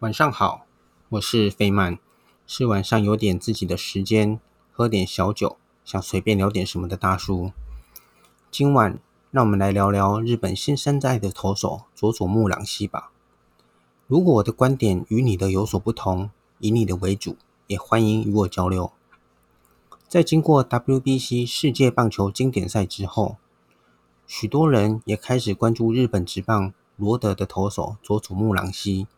晚上好，我是費曼，是晚上有點自己的時間，喝點小酒，想隨便聊點什麼的大叔。今晚，讓我們來聊聊日本新生代的投手佐佐木朗希吧。如果我的觀點與你的有所不同，以你的為主，也歡迎與我交流。在經過 WBC 世界棒球經典賽之後，許多人也開始關注日本職棒羅德的投手佐佐木朗希。佐佐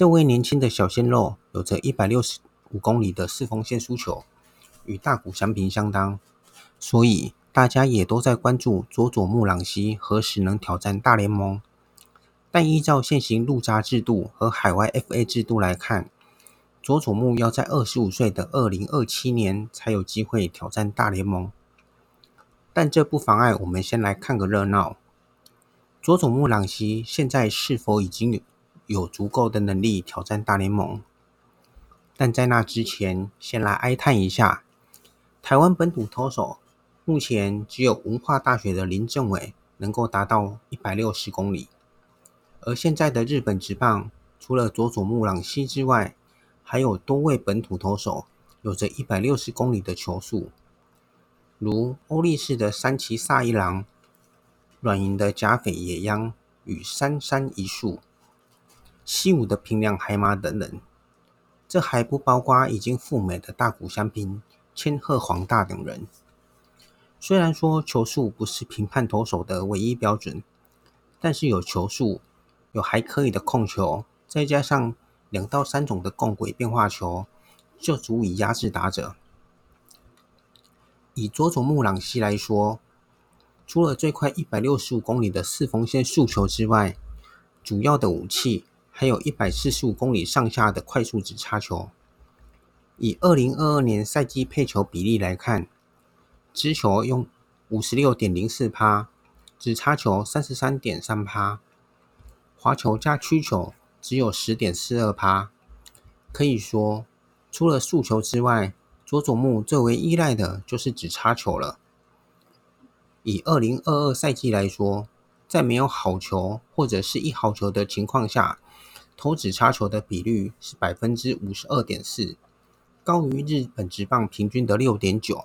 這位年輕的小鮮肉有着一百六十五公里的四縫線速球，與大谷翔平相當，所以大家也都在關注佐佐木朗希何時能挑戰大聯盟。但依照現行入札制度和海外 FA 制度來看，佐佐木要在二十五歲的二零二七年才有機會挑戰大聯盟。但這不妨礙我們先來看個熱鬧：佐佐木朗希現在是否已經有？有足夠的能力挑戰大聯盟，但在那之前，先來哀嘆一下。台灣本土投手目前只有文化大學的林政偉能夠達到一百六十公里，而現在的日本職棒除了佐佐木朗希之外，還有多位本土投手有着一百六十公里的球速，如歐力士的山崎颯一郎、軟銀的甲斐野央與杉山一樹。西武的平良海馬等等，這還不包括已經赴美的大谷翔平、千賀滉大等人。雖然說球速不是評判投手的唯一標準，但是有球速、有還可以的控球，再加上兩到三種的共軌變化球，就足以壓制打者。以佐佐木朗希來說，除了最快一百六十五公里的四縫線速球之外，主要的武器，還有一百四十五公里上下的快速指叉球。以二零二二年賽季配球比例來看，直球用五十六點零四趴，指叉球三十三點三趴，滑球加曲球只有十點四二趴。可以說，除了速球之外，佐佐木最為依賴的就是指叉球了。以二零二二賽季來說，在沒有好球或者是一好球的情況下。投指叉球的比率是百分之五十二點四，高於日本職棒平均的六點九。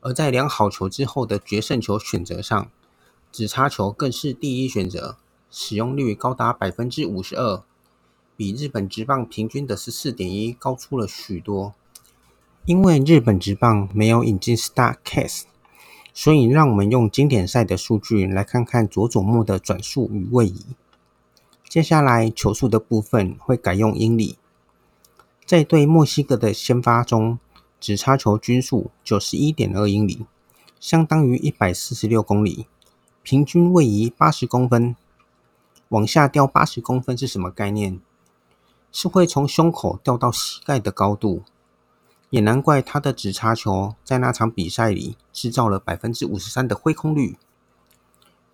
而在兩好球之後的決勝球選擇上，指叉球更是第一選擇，使用率高達百分之五十二，比日本職棒平均的十四點一高出了許多。因為日本職棒沒有引進 Statcast，所以讓我們用經典賽的數據來看看佐佐木的轉速與位移。接下來球速的部分會改用英里。在對墨西哥的先發中，指叉球均速九十一點二英里，相當於一百四十六公里，平均位移八十公分。往下掉八十公分是什麼概念？是會從胸口掉到膝蓋的高度。也難怪他的指叉球在那場比賽裡制造了百分之五十三的揮空率。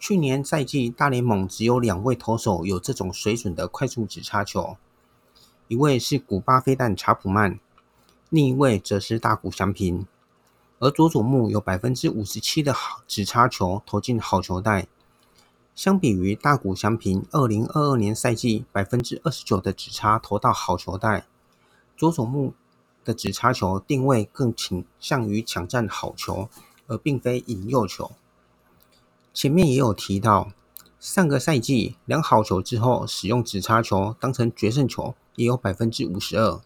去年賽季，大聯盟只有兩位投手有這種水準的快速指叉球，一位是古巴飛彈查普曼，另一位則是大谷翔平。而佐佐木有百分之五十七的指叉球投進好球帶，相比於大谷翔平二零二二年賽季百分之二十九的指叉投到好球帶，佐佐木的指叉球定位更傾向於搶佔好球，而並非引誘球。前面也有提到，上個賽季兩好球之後使用指叉球當成決勝球，也有百分之五十二。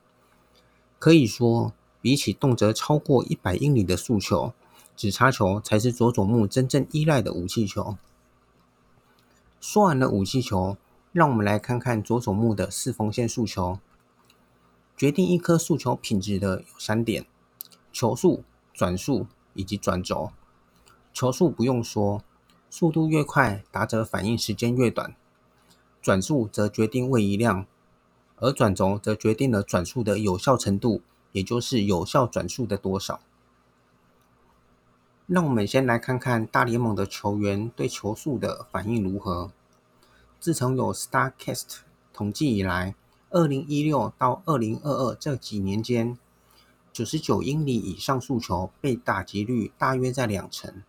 可以說，比起動輒超過一百英里的速球，指叉球才是佐佐木真正依賴的武器球。說完了武器球，讓我們來看看佐佐木的四縫線速球。決定一顆速球品質的有三點：球速、轉速以及轉軸。球速不用說。速度越快，打者反應時間越短；轉速則決定位移量，而轉軸則決定了轉速的有效程度，也就是有效轉速的多少。讓我們先來看看大聯盟的球員對球速的反應如何。自從有 Statcast 統計以來，2016到2022這幾年間，99英里以上速球被打擊率大約在兩成。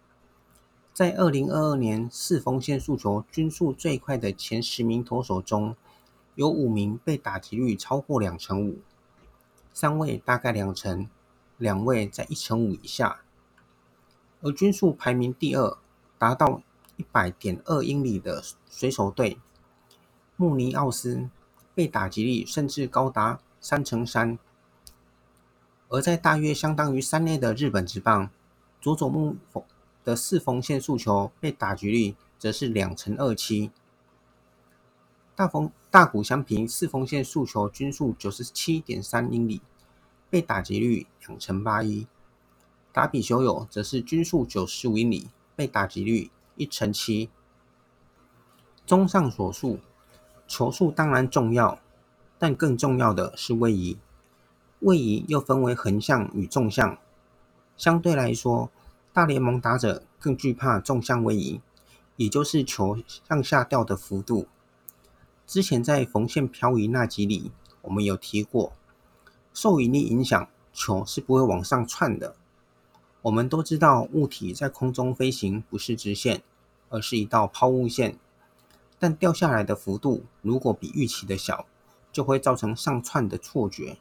在二零二二年四縫線速球均速最快的前十名投手中，有五名被打擊率超過兩成五，三位大概兩成，兩位在一成五以下。而均速排名第二，達到一百點二英里的水手隊穆尼奧斯被打擊率甚至高達三成三。而在大約相當於三 A 的日本職棒佐佐木。的四縫線速球被打擊率則是兩成二七，大風大谷翔平四縫線速球均速九十七點三英里，被打擊率兩成八一。達比修有則是均速九十五英里，被打擊率一成七。綜上所述，球速當然重要，但更重要的是位移。位移又分為橫向與縱向，相對來說。大聯盟打者更懼怕縱向位移，也就是球向下掉的幅度。之前在縫線漂移那集裡，我們有提過，受引力影響，球是不會往上竄的。我們都知道，物體在空中飛行不是直線，而是一道拋物線。但掉下來的幅度如果比預期的小，就會造成上竄的錯覺。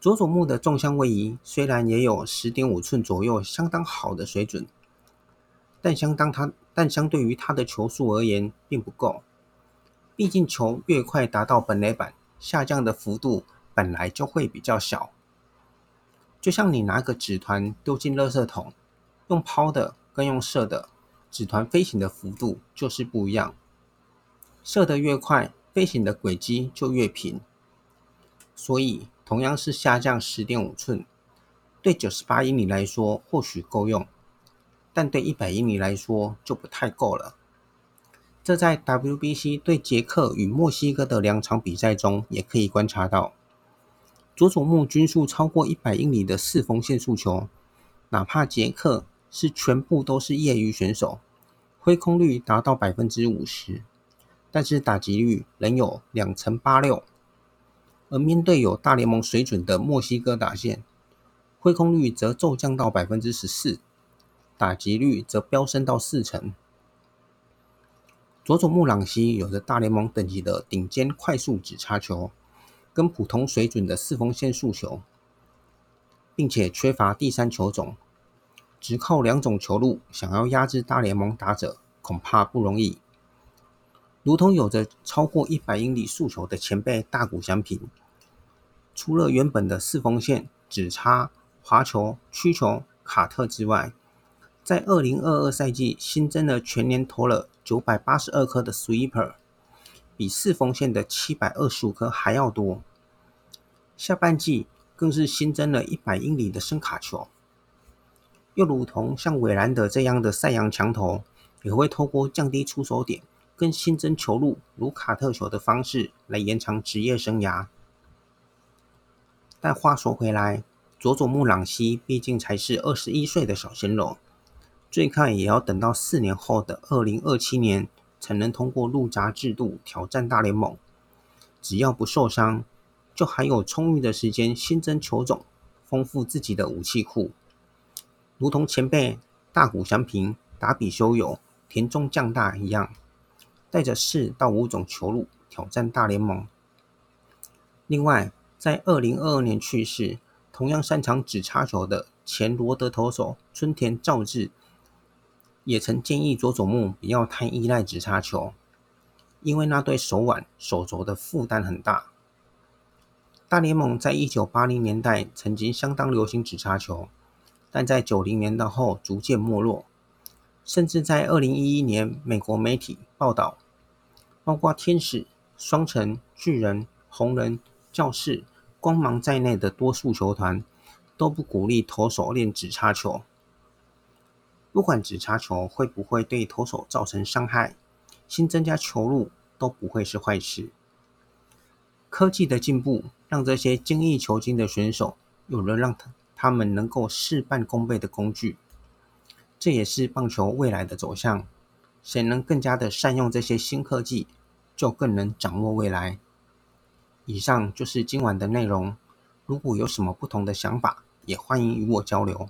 佐佐木的縱向位移雖然也有十點五寸左右，相當好的水準，但相當他，但相對於他的球速而言，並不夠。畢竟球越快達到本壘板，下降的幅度本來就會比較小。就像你拿個紙團丟進垃圾桶，用拋的跟用射的，紙團飛行的幅度就是不一樣。射的越快，飛行的軌跡就越平。所以，同樣是下降十點五寸，對九十八英里來說或許夠用，但對一百英里來說就不太夠了。這在 WBC 對捷克與墨西哥的兩場比賽中也可以觀察到。佐佐木均數超過一百英里的四縫線速球，哪怕捷克是全部都是業餘選手，揮空率達到百分之五十，但是打擊率仍有兩成八六。而面對有大聯盟水準的墨西哥打線，揮空率則驟降到百分之十四，打擊率則飆升到四成。佐佐木朗希有着大聯盟等級的頂尖快速指叉球，跟普通水準的四縫線速球，並且缺乏第三球種，只靠兩種球路，想要壓制大聯盟打者，恐怕不容易。如同有着超過一百英里速球的前輩大谷翔平，除了原本的四縫線、指叉、滑球、曲球、卡特之外，在二零二二賽季新增了全年投了九百八十二顆的 Sweeper，比四縫線的七百二十五顆還要多。下半季更是新增了一百英里的伸卡球。又如同像韋蘭德這樣的賽揚強投，也會透過降低出手點。跟新增球路，如卡特球的方式來延長職業生涯。但話說回來，佐佐木朗希畢竟才是二十一歲的小鮮肉，最快也要等到四年後的二零二七年才能通過入閘制度挑戰大聯盟。只要不受傷，就還有充裕的時間新增球種，豐富自己的武器庫，如同前輩大谷翔平、達比修有、田中將大一樣。帶着四到五種球路，挑戰大聯盟。另外，在二零二二年去世、同樣擅長指叉球的前羅德投手村田兆治也曾建議佐佐木不要太依賴指叉球，因為那對手腕、手肘的負擔很大。大聯盟在一九八零年代曾經相當流行指叉球，但在九零年代後逐漸沒落，甚至在二零一一年美國媒體報道，包括天使、雙城、巨人、紅人、教士、光芒在內的多數球團，都不鼓勵投手練指叉球。不管指叉球會不會對投手造成傷害，新增加球路都不會是壞事。科技的進步讓這些精益求精的選手有了讓他們能夠事半功倍的工具，這也是棒球未來的走向。誰能更加的善用這些新科技，就更能掌握未來。以上就是今晚的內容，如果有什麼不同的想法，也歡迎與我交流。